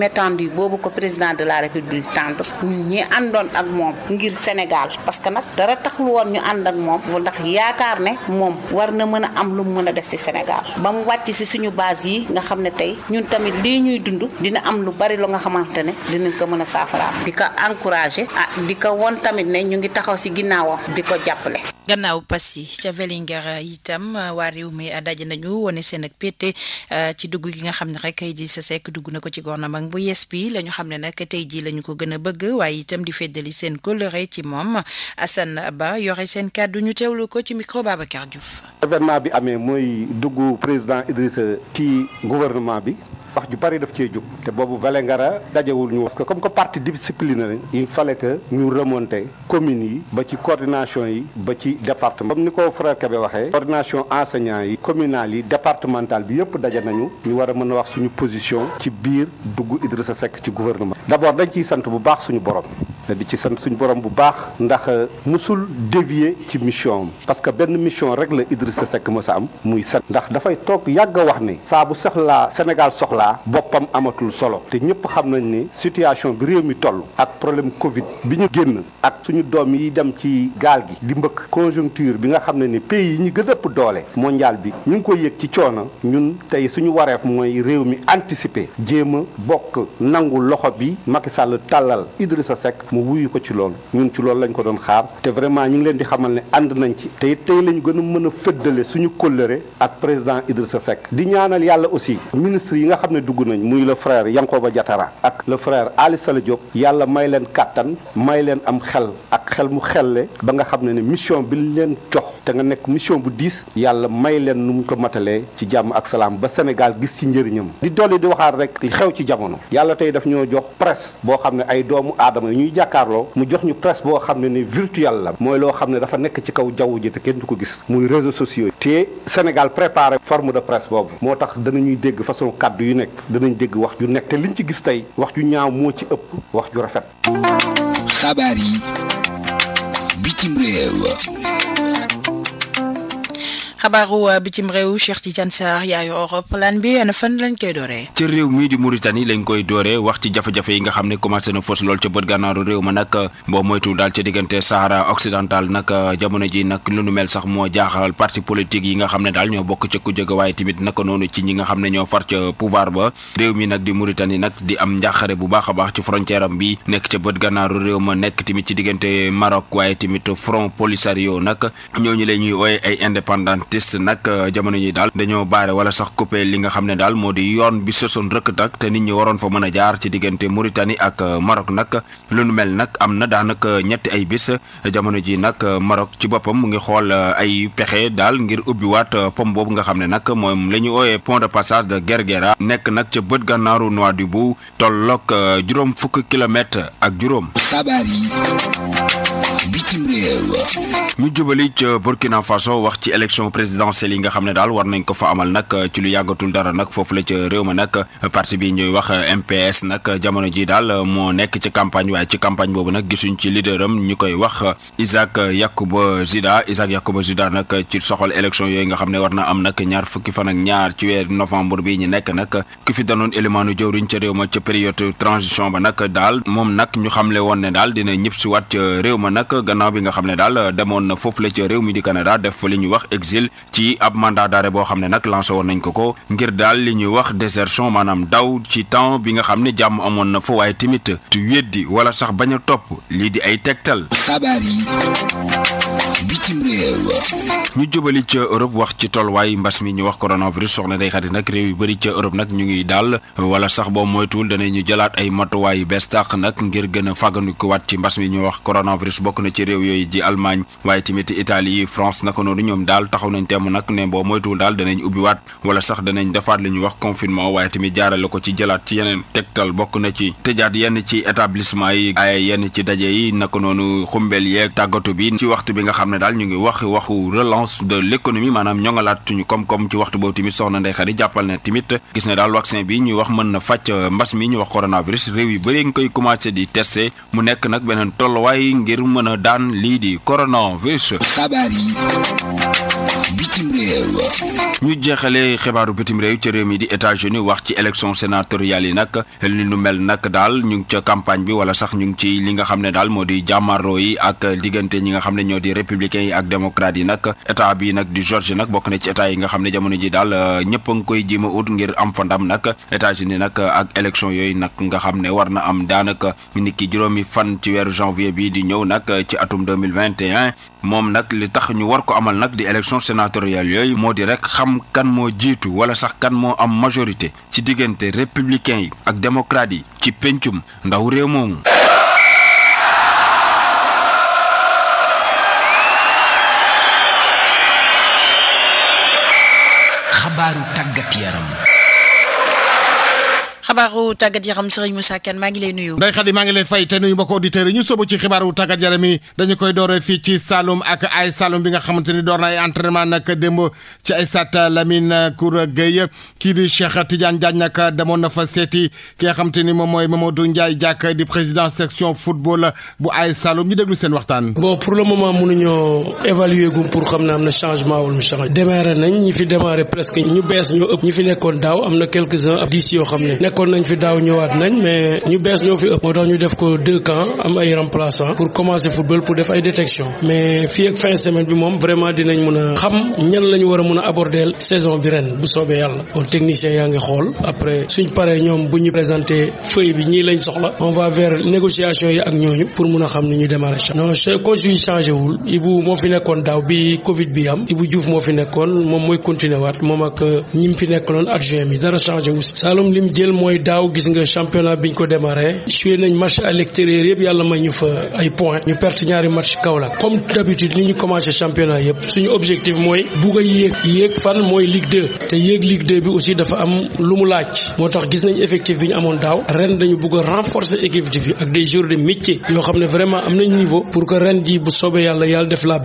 méttendu boobu ko président de la république tendre ñun ñi àndoon ak moom ngir Sénégal parce que nag dara taxul woon ñu ànd ak moom ndax yaakaar ne moom war na mën a am lu mu mën a def ci Sénégal ba mu wàcc si suñu base yi nga xam ne tey ñun tamit lii ñuy dund dina am lu bari lu nga xamante ne dinañ ko mën a saafaraam di ko encouragé ah di ko won tamit ne ñu ngi taxaw si ginnaawam di ko jàppale. gannaaw pass yi ca Vélingara itam ah, waa réew mi ah, daje nañu wane seen ak pété ah, ci dugg gi nga xam ne rek Idrissa Seck dugg na ko ci gouvernement bu yees bi la ñu xam ne nag tey jii la ñu ko gën a bëgg waaye itam di feddali seen coloré ci moom Assane Ba yore seen kàddu ñu teewlu ko ci micro Babacar Diouf. bi amee mooy dugg président Idrissa ci gouvernement bi wax ju bari daf cee jóg te boobu Vélingara dajewul ñu parce que comme que parti discipliné lañ il fallait que ñu remonter communes yi ba ci coordination yi ba ci département comme ni ko frère Kébé waxee coordination yi communale yi départemental bi yëpp daje nañu ñu war a mën a wax suñu position ci biir dugg sa sekk ci gouvernement d'abord dañ ciy sant bu baax suñu borom di ci sant suñu borom bu baax ndax euh, musul dévier ci mission am parce que benn mission rek la Idrissa Seck mës a am muy sant ndax dafay toog yàgg wax ni saa bu Talla boppam amatul solo te ñëpp xam nañ ni situation bi réew mi toll ak problème Covid bi ñu génn ak suñu doom yi dem ci gaal gi di mbëkk conjoncture bi nga xam ne ni pays yi ñu gën ëpp doole mondial bi ñu ngi koy yéeg ci coono ñun tey suñu wareef mooy réew mi anticiper jéem a bokk nangu loxo bi Macky Sall tàllal sa Seck mu wuyu ko ci lool ñun ci loolu lañ ko doon xaar te vraiment ñu ngi leen di xamal ne ànd nañ ci tey tey lañ gën a mën a fëddale suñu kóllëre ak président Idrissa Seck di ñaanal yàlla ne dugg nañ muy le frère Yankoba Diatara ak le frère Ali Sala yàlla may leen kàttan may leen am xel ak xel mu xelle ba nga xam ne ne mission bi leen jox te nga nekk mission bu diis yàlla may leen nu mu ko matalee ci jàmm ak salaam ba Sénégal gis ci njëriñam di dolli di waxaat rek xew ci jamono yàlla tey daf ñoo jox presse boo xam ne ay doomu aadama yu ñuy jàkkaarloo mu jox ñu presse boo xam ne ni virtuel la mooy loo xam ne dafa nekk ci kaw jaww ji te kenn du ko gis muy réseaux sociaux yi te Sénégal forme de presse boobu danañ dégg wax ju nekk te liñ ci gis tey wax ju ñaaw moo ci ëpp wax ju rafet. xabaar yi bitim réew. xabaaru euh, bitim réew Cheikh Tidiane Sarr yaayu roppalaan bi ana fan lañ koy dooree. ci réew mii di Mauritanie lañ koy dooree wax ci jafe-jafe yi nga xam ne commencé na fës lool ca bët gànnaaru réew ma nag boo moytu daal ca diggante Sahara occidental nag euh, jamono ji nag lu mel sax moo jaaxal parti politique yi nga xam ne daal ñoo bokk ca ku jóge waaye tamit naka noonu ci ñi nga xam ne ñoo far ca pouvoir ba réew mi nag di Mauritanie nag di am njaaxare bu baax a baax ci frontière bi nekk ca bët gànnaaru réew ma nekk tamit ci diggante Maroc waaye tamit front Polisario nag ñooñu la ñuy ooye ay indépendant artiste nag euh, jamono yi daal dañoo baare wala sax coupé li nga xam ne daal moo di yoon bi sosoon rëkk tak te nit ñi waroon fa mën a jaar ci diggante Mauritanie ak euh, Maroc nag lu nu mel nag am na daanaka ñetti ay bis jamono ji nag euh, Maroc ci boppam mu ngi xool ay pexe daal ngir ubbiwaat pom boobu nga xam ne nag moom la ñu ooyee pont de passage de Guerguera nekk nag ca bët gànnaaru Nouadhibou tolloog juróom fukk kilomètre ak juróom. xabaar yi. mu réew ñu jubali ca Burkina Faso wax ci élection présidentielle yi nga xam ne daal war nañ ko fa amal nag ci lu yàggatul dara nag foofu la ca réew ma nag parti bi ñuy wax MPS nag jamono ji daal moo nekk ci campagne waaye ci campagne boobu nag gisuñ ci leaderam ñu koy wax Isaac Yakuba Zida Isaac Yakuba Zida nag ci soxal élection yooyu nga xam ne war na am nag ñaar fukki fan ak ñaar ci weer novembre bi ñu nekk nag ki fi danoon élimaanu jëwriñ ca réew ma ca période transition ba nag daal moom nag ñu xamle woon ne daal dina ñëpp si waat ca réew ma moom nag gannaaw bi nga xam ne daal demoon na foofu la ca réew mi di Canada def fa li ñuy wax exil ci ab mandat d'arrêt boo xam ne nag lancé woon nañ ko ko ngir daal li ñuy wax désertion maanaam daw ci temps bi nga xam ne jàmm amoon na fa waaye tamit tu weddi wala sax bañ a topp lii di ay tegtal. xabaar yi bitim réew. jubali ca Europe wax ci tolluwaay mbas mi ñu wax coronavirus soxna day xarit nag réew yu bari ca Europe nag ñu ngi daal wala sax boo moytuwul danañ ñu jëlaat ay matuwaay yu bees tax nag ngir gën a fàggandikuwaat ci mbas mi ñu wax coronavirus. Autriche bokk na ci réew yooyu ji Allemagne waaye tamit Italie France naka noonu ñoom daal taxaw nañ temm nag ne boo moytuwul daal danañ ubbiwaat wala sax danañ defaat li wax confinement waaye tamit jaarale ko ci jëlaat ci yeneen tegtal bokk na ci tëjaat yenn ci établissement yi ay yenn ci daje yi naka noonu xumbeel yeeg tàggatu bi ci waxtu bi nga xam ne daal ñu ngi wax waxu relance de l'économie maanaam ñoŋalaat suñu koom-koom ci waxtu boobu tamit soxna Ndeye Khady jàppal na tamit gis ne daal vaccin bi ñuy wax mën na fàcc mbas mi ñu wax coronavirus réew yi bëri nga koy commencé di testé mu nekk nag beneen tolluwaay ngir ngir mën a daan lii di coronavirus. xabaar bitim réew ñu jeexalee xibaaru bitim réew ca réew mi di États-Unis wax ci élection sénatoriale yi nag li nu mel nag daal ñu ngi ca campagne bi wala sax ñu ngi ci li nga xam ne daal moo di jàmmarloo yi ak diggante ñi nga xam ne ñoo di républicains yi ak démocrates yi nag état bi nag di Georgie nag bokk na ci état yi nga xam ne jamono ji daal ñëpp a koy jéem ut ngir am fa ndam nag États-Unis nag ak élection yooyu nag nga xam ne war na am daanaka ni ki juróomi fan ci weeru janvier bi di ñëw nag ci atum 2021 moom nag li tax ñu war ko amal nag di élection sénatoriale yooyu moo di rek xam kan moo jiitu wala sax kan moo am majorité ci diggante républicain yi ak démocrate yi ci péncum ndaw réew moomu xabaaru tàggat yaram xibaaru tàggat yaram Serigne Moussa Kane maa ngi lay nuyu. Ndeye Khady maa ngi lay fay te nuyu mbokk auditeurs yi ñu sóobu ci xibaaru tàggat yaram yi na ay entraînement na fa seeti ki nga xamante ni moom mooy Mamadou Ndiaye Diack di président section football bu ay Saloum ñu déglu seen waxtaan. bon pour le moment mënuñoo évaluer gum pour xam ne am na changement wala mu changé. démarré nañ ñi fi démarré presque ñu bees ñoo ëpp ñi fi nekkoon daaw am na quelques uns ab dix yoo xam ne nekkoon nañ fi daaw ñëwaat nañ mais ñu bees ñoo fi ëpp moo tax ñu def ko deux camps am ay remplaçant pour commencer football pour def ay détection mais fii ak fin semaine bi moom vraiment dinañ mën a xam ñan la ñu war a mën a aborder saison bi ren bu soobee yàlla kon technicien yaa ngi xool après suñ paree ñoom bu ñu présenté feuille bi ñii lañ soxla on va négociation yi ak ñooñu pour mun a xam ni ñu démarrer non coach yi changé wul Ibou moo fi nekkoon daaw bi Covid bi am Ibou Diouf moo fi nekkoon moom mooy daaw gis nga championnat biñ ko démarré joué nañ match à yëpp yàlla may ñu fa ay points ñu perte ñaari match Kaolack comme d'habitude ni ñu commencé championnat yëpp suñu objectif mooy bugg a yéeg yéeg fan mooy Ligue 2 te yéeg Ligue 2 bi aussi dafa am lu mu laaj moo tax gis nañ effectif bi ñu amoon daaw ren dañu bugg a renforcer équipe bi ak des joueurs de métier yoo xam ne vraiment am nañ niveau pour que ren ji bu soobee yàlla yàlla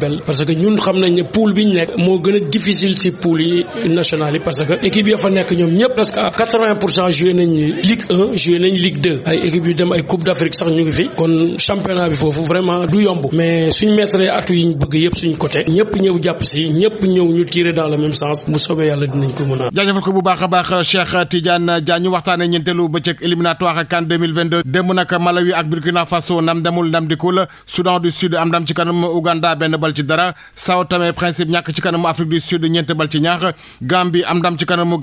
a nañ Ligue 1 joué nañ Ligue ay équipe yu dem ay Coupe d'Afrique sax ñu ngi fi kon championnat bi foofu vraiment du yomb mais suñ mettre atu yi ñu bëgg yëpp suñ côté ñëpp ñëw jàpp si ñëpp ñëw ñu tiré dans le même sens bu soobee yàlla dinañ ko mën a. jaajëfal ko bu a Malawi ak Burkina Faso ndam demul ndam dikul Soudan du Sud am ndam ci kanam Ouganda benn bal ci dara Sao Tomé Principe ñàkk ci kanam Afrique du Sud ñeent bal ci ñaar Gambie am ndam ci kanamu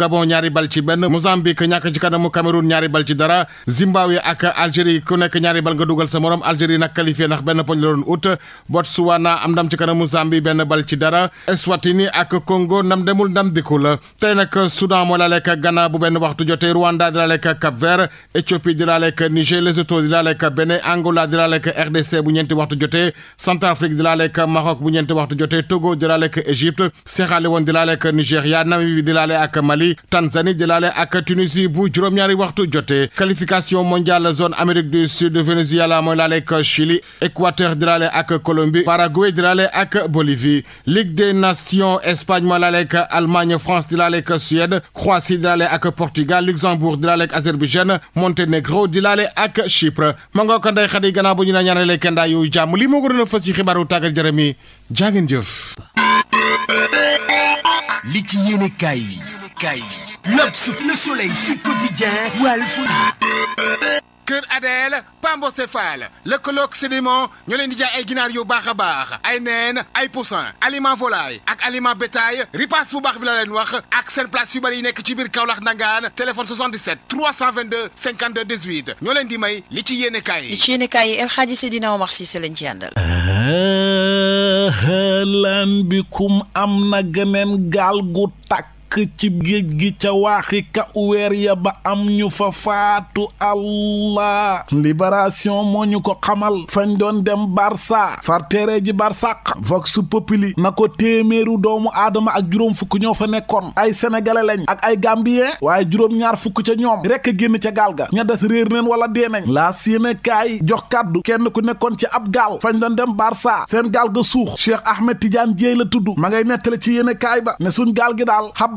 Cameroun ñaari bal ci dara Zimbabwe ak Algérie ku nekk ñaari bal nga dugal sa morom Algérie nag qualifié ndax benn poñ la doon ut Botswana am ndam ci kanamu Zambie benn bal ci dara Eswatini ak Congo ndam demul ndam dikkul tey nag Soudan moo laaleeg Ghana bu benn waxtu jotee Rwanda di laaleeg Cap-Vert Éthiopie di laaleeg Niger Lesotho di laaleeg Benin Angola di laaleeg RDC bu ñeenti waxtu jotee Centrafrique di laaleeg Maroc bu ñeenti waxtu jotee Togo waxtu jotee qualification mondiale zone Amérique du Sud Venezuela mooy laaleek Chili Équateur di laale ak Colombie Paraguay di laale ak Bolivie Ligue des Nations Espagne mooy laaleek Allemagne France di laaleek Suède Croatie di laale ak Portugal Luxembourg di laaleek Azerbaïdjan Monténégro di laale ak Chypre ma ngoo ko ndey xadi gannaaw bu ñu na ñaanalee kendaa yooyu jàmm li moo gënoon a fës ci xibaaru tàggat jërëmi jaa jëf L'Obs, Le Soleil, Sud Quotidien, Walf. Kër Adel Pambo Céphale lëkkaloog sédiment ñoo leen di jaay ay ginaar yu baax a baax ay neen ay poussin aliment volaille ak aliment bétail ripaas bu baax bi la leen wax ak seen place yu nekk ci biir Kaolack Ndangaan téléphone 77 322 52 18 ñoo leen di may li ci yéene kaay yi. li ci yéene kaay yi El Hadji Seydina Omar Cissé lañ ci àndal. Ah, ah, lan bikum am na geneen gaal gu lakk ci géej gi ca waaxi ka weer ya ba am ñu fa faatu allah libération moo ñu ko xamal fañ doon dem barça far teere ji barsàq vox populi na ko téeméeru doomu aadama ak juróom fukk ñoo fa nekkoon ay sénégalais lañ ak ay gambien waaye juróom-ñaar fukk ca ñoom rekk génn ca gaal ga ña des réer neen wala dee nañ laa séene kaay jox kàddu kenn ku nekkoon ci ab gaal fañ doon dem barça seen gaal ga suux Cheikh Ahmed Tidiane Dieye la tudd ma ngay nettale ci yéene kaay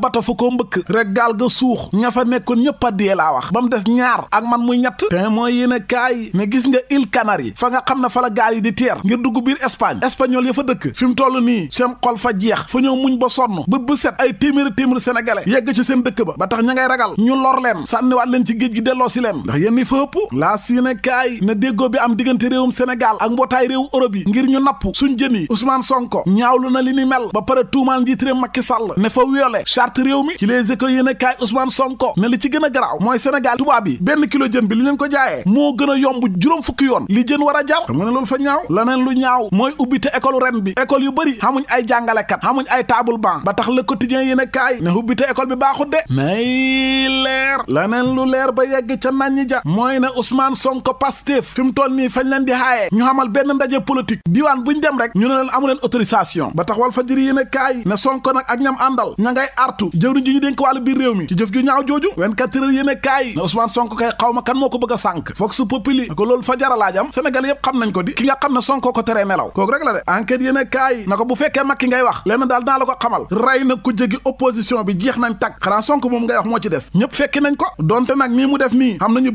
ab bato fu ko mbëkk rek gaal ga suux ña fa nekkoon ñëpp a dee laa wax ba mu des ñaar ak man muy ñett te mooy yéen a kaay ne gis nga île yi fa nga xam ne fala gaal yi di teer ngir dugg biir Espagne espagnol ya fa dëkk fi mu toll nii seen xol fa jeex fa ñëw muñ ba sonn bët bu set ay téeméeri téeméeri sénégalais yegg ci seen dëkk ba ba tax ña ngay ragal ñu lor leen sànniwaat leen ci géej gi delloo si leen ndax yéen ñi fa ëpp laa si yéen a déggoo bi am diggante réewum Sénégal ak mbootaay réewu Europe yi ngir ñu napp suñ jën yi Sonko ñaawlu na li mel ba pare tuumaal njiit réew Macky carte réew mi ci les écoles yéen a kaay Ousmane Sonko ne li ci gën a garaaw mooy Sénégal tubaab yi benn kilo jën bi li leen ko jaayee moo gën yomb juróom fukki yoon li jën war a jar xam nga fa ñaaw laneen lu ñaaw mooy ubbite école ren bi école yu bëri xamuñ ay jàngalekat xamuñ ay table banc ba tax le quotidien yéen a kaay ne ubbite école bi baaxut de nay leer laneen lu leer ba yegg ca nañ ja mooy ne Ousmane Sonko Pastef fi mu toll nii fañ leen di xaayee ñu xamal benn ndaje politique diwaan buñ dem rek ñu ne leen amu leen autorisation ba tax Walfadjri yéen a kaay ne Sonko nag ak ñam àndal ña artu jëwriñ ñu dénk wàllu biir réew mi ci jëf ju ñaaw jooju 24 heures yéen e kaay ne Ousmane kay xaw kan moo ko bëgg a sànk Vox Populi ko loolu fa jaralaajam Sénégal yépp xam nañ ko di ki nga xam ne Sonko ko teree nelaw kooku rek la de enquête yéen e na ko bu fekkee Macky ngay wax lenn daal naa ko xamal ray na ku jégi opposition bi jeex nañ tag xanaa Sonko moom ngay wax moo ci des ñëpp fekki nañ ko donte nag nii mu def nii xam nañu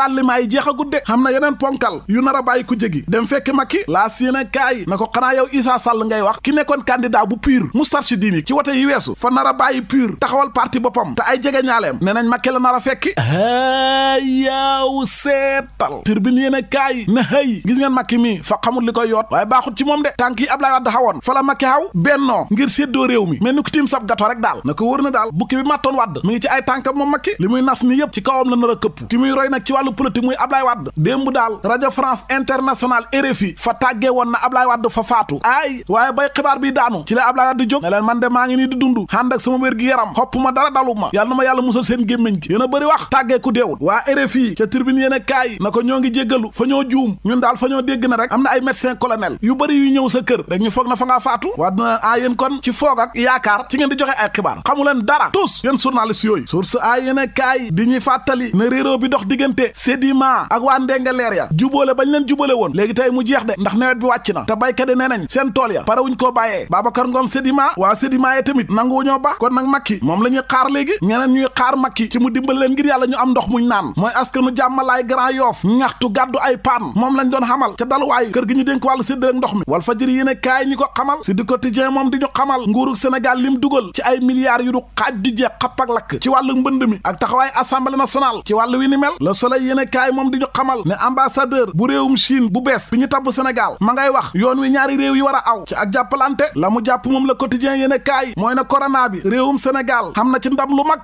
rallimaa yi jeexagut de xam na yeneen ponkal yu nar a bàyyi ku jégi dem fekk Macky laas yéen a kaay na ko xanaa yow Issa Sall ngay wax ki nekkoon candidat bu pur Moustarchidine yi ci wote yi weesu fa nar a bàyyi pur taxawal parti boppam te ay jege ñaaleem ne nañ Macky la nar a fekki yaaw seetal turbine yéen a kaay na hëy gis ngeen Macky mi fa xamul li koy yoot waaye baaxut ci moom de tànk yi Ablaye Wade xawoon fa la Macky xaw bennoo ngir séddoo réew mi mais ni ko tiim sab gato rek daal na ko wër na daal ay tànkam moom Macky li muy nas yëpp ci kawam a këpp ki ci wàllu wàllu politique muy Ablaye Wade démb daal rajo France Internationale RFI fa tàggee woon na Ablaye Wade fa faatu aay waaye bay xibaar bi daanu ci la Ablaye Wade jóg ne man de maa ngi nii di dund ànd ak sama gi yaram xopp ma dara dalu yàlla musal seen gémmiñ gi yéen a wax tàggee ku deewul waa RFI ca tribune yéen a kaay na ko ñoo ngi jéggalu fa ñoo juum ñun daal fa ñoo dégg na rek am na ay médecin colonel yu bëri yu ñëw sa kër rek ñu foog a Sedima ak waa Ndengaleer ya jubóole bañ leen jubóole woon léegi tey mu jeex de ndax nawet bi wàcc na te béykat yi nee nañ seen tool ya pare wuñ koo bàyyee Babacar Ngom Sedima waa Sedima ya tamit nanguwu ñoo ba kon nag Macky moom la ñuy xaar léegi ñeneen ñuy xaar Macky ci mu dimbal leen ngir yàlla ñu am ndox muñ naan mooy askanu jàmmalaay Grand Yoff ñaxtu gàddu ay paan moom lañ doon xamal ca dalwaayu kër gi ñu dénk wàllu séddale ndox mi wal fajiri yéene kaay ñi ko xamal di quotidien moom di ñu xamal nguuru Sénégal dugal ci ay milliards yu du xaaj di jeex xapp ak lakk ci wàllu mbënd mi ak taxawaay assemblée nationale ci wàllu wi ni mel le yéen kaay moom di ñu xamal ne ambassadeur bu réewum Chine bu bees bi ñu tabb Sénégal ma ngay wax yoon wi ñaari réew yi war a aw ci ak jàppalante la mu jàpp moom la quotidien yéen kaay mooy na corona bi réewum senegal xam na ci ndam lu mag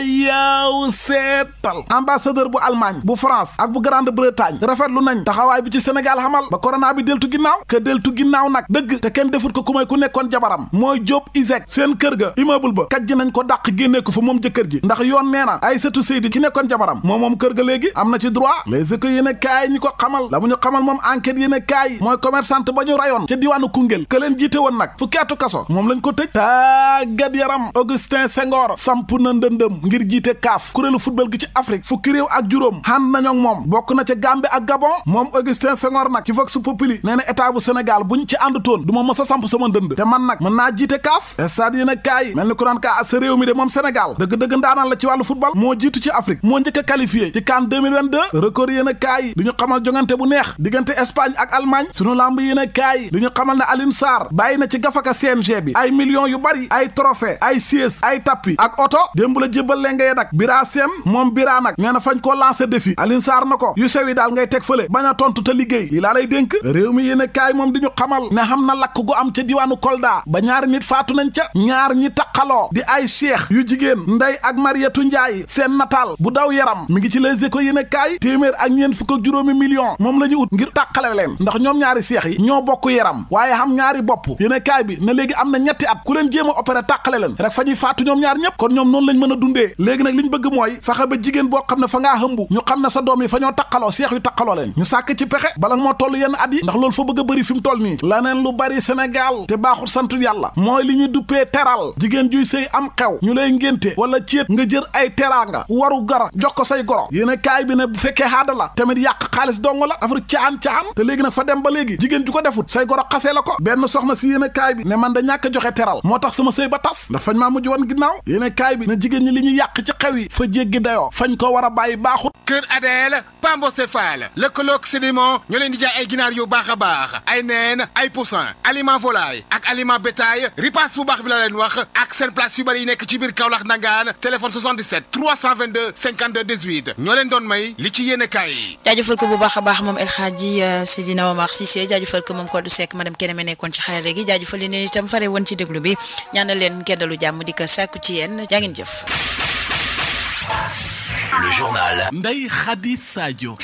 yaw seetal ambassadeur bu Allemagne bu France ak bu Grande-Bretagne rafetlu nañ taxawaay bi ci senegal xamal ba corona bi deltu ginnaaw ke deltu ginnaaw nag dëgg te kenn defut ko ku may ku nekkoon jabaram mooy Jóob Isaac seen kër ga immeuble ba kajji nañ ko dàq génnee ko fa moom jëkkër ji ndax yoon nee na Aysatu Seydi nekkoon jabaram moom moom kër kër léegi am na ci droit les écoles yéen a kaay ñi ko xamal la mu ñu xamal moom enquête yéen a kaay mooy commerçante ba ñu rayoon ca diwaanu Koungheul ka leen jiite woon nag fukki atu kaso moom lañ ko tëj tàggat yaram Augustin Senghor samp na ndëndëm ngir jiite kaaf kuréelu football gi ci Afrique fukki réew ak juróom xànd nañoo moom bokk na ca Gambie ak Gabon moom Augustin Senghor nag ci Vox Populi nee na état bu Sénégal ci ànd toon du ma mës a samp sama ndënd te man nag mën naa jiite kaaf stade yéen a kaay mel ni ko naan kaa ah, sa moom Sénégal dëgg-dëgg ndaanaan la ci wàllu football moo jiitu ci Afrique moo njëkk a ci CAN 2022 record yéen a kaay di ñu xamal jongante bu neex diggante Espagne ak Allemagne sunu lamb yéen a kaay di ñu xamal ne Alioune bàyyi na ci gafaka CNG bi ay millions yu bari ay trophée ay sièges ay tapis ak oto démb la jébbal lee ngay nag biraa seem moom biraa nag nee na fañ ko lancé défi Alioune Sarr na ko yu sew yi daal ngay teg fële bañ a tontu te liggéey li laa lay dénk réew mi yéen a kaay moom di xamal ne xam na lakk gu am ca diwaanu Kolda ba ñaari nit faatu nañ ca ñaar ñi taqaloo di ay cheikh yu jigéen nday ak Mariatu Njaay seen nataal bu daw yaram mi ngi ci ci Les ko yéen kaay téeméer ak ñeent fukk ak juróomi million moom la ñu ut ngir tàqale leen ndax ñoom ñaari seex yi ñoo bokk yaram waaye xam ñaari bopp yéen a kaay bi na léegi am na ñetti at ku leen jéem a opéré tàqale leen rek fa ñuy faatu ñoom ñaar ñëpp kon ñoom noonu lañ mën a dundee léegi nag li ñu bëgg mooy fexe ba jigéen boo xam ne fa ngaa hëmbu ñu xam ne sa doom yi fa ñoo taqaloo seex yu taqaloo leen ñu sàkk ci pexe bala moo toll yenn at yi ndax loolu fa bëgg a bëri toll nii laneen lu bari Sénégal te baaxul sant yàlla mooy li ñuy duppee teral jigéen juy sëy am xew ñu lay ngénte wala céet nga jër ay teraanga waru gara jox ko say goro yéen a kaay bi ne bu fekkee xaada la tamit yàq xaalis dong la afar caan-caan te léegi nag fa dem ba léegi jigéen ju ko defut say goro xasee la ko benn soxna si yéen a kaay bi ne man da ñàkk joxe teral moo tax sama sëy ba tas ndax fañ maa mujj woon ginnaaw yéen kaay bi ne jigéen ñi li ñu yàq ci xew yi fa jéggi dayoo fañ ko war a bàyyi baaxut kër Adel Pambo Céphale lëkkaloog sédiment ñoo leen di jaay ay ginaar yu baax a baax ay neen ay poussin aliment volaille ak aliment bétail ripaas bu baax bi la leen wax ak seen place yu bari yi nekk ci biir ñoo leen doon may li ci yéene kaay yi jaajëfal ko bu baax a baax moom El Hadji euh, Sidina Omar Cissé jaajëfal ko moom ko ma Seck madame Keneme nekkoon ci xarale gi jaajëfal leen itam fare woon ci déglu bi ñaanal leen keddalu jàmm di ko sàkku ci yéen jaa ngeen jëf Le journal Ndeye Khady Sadio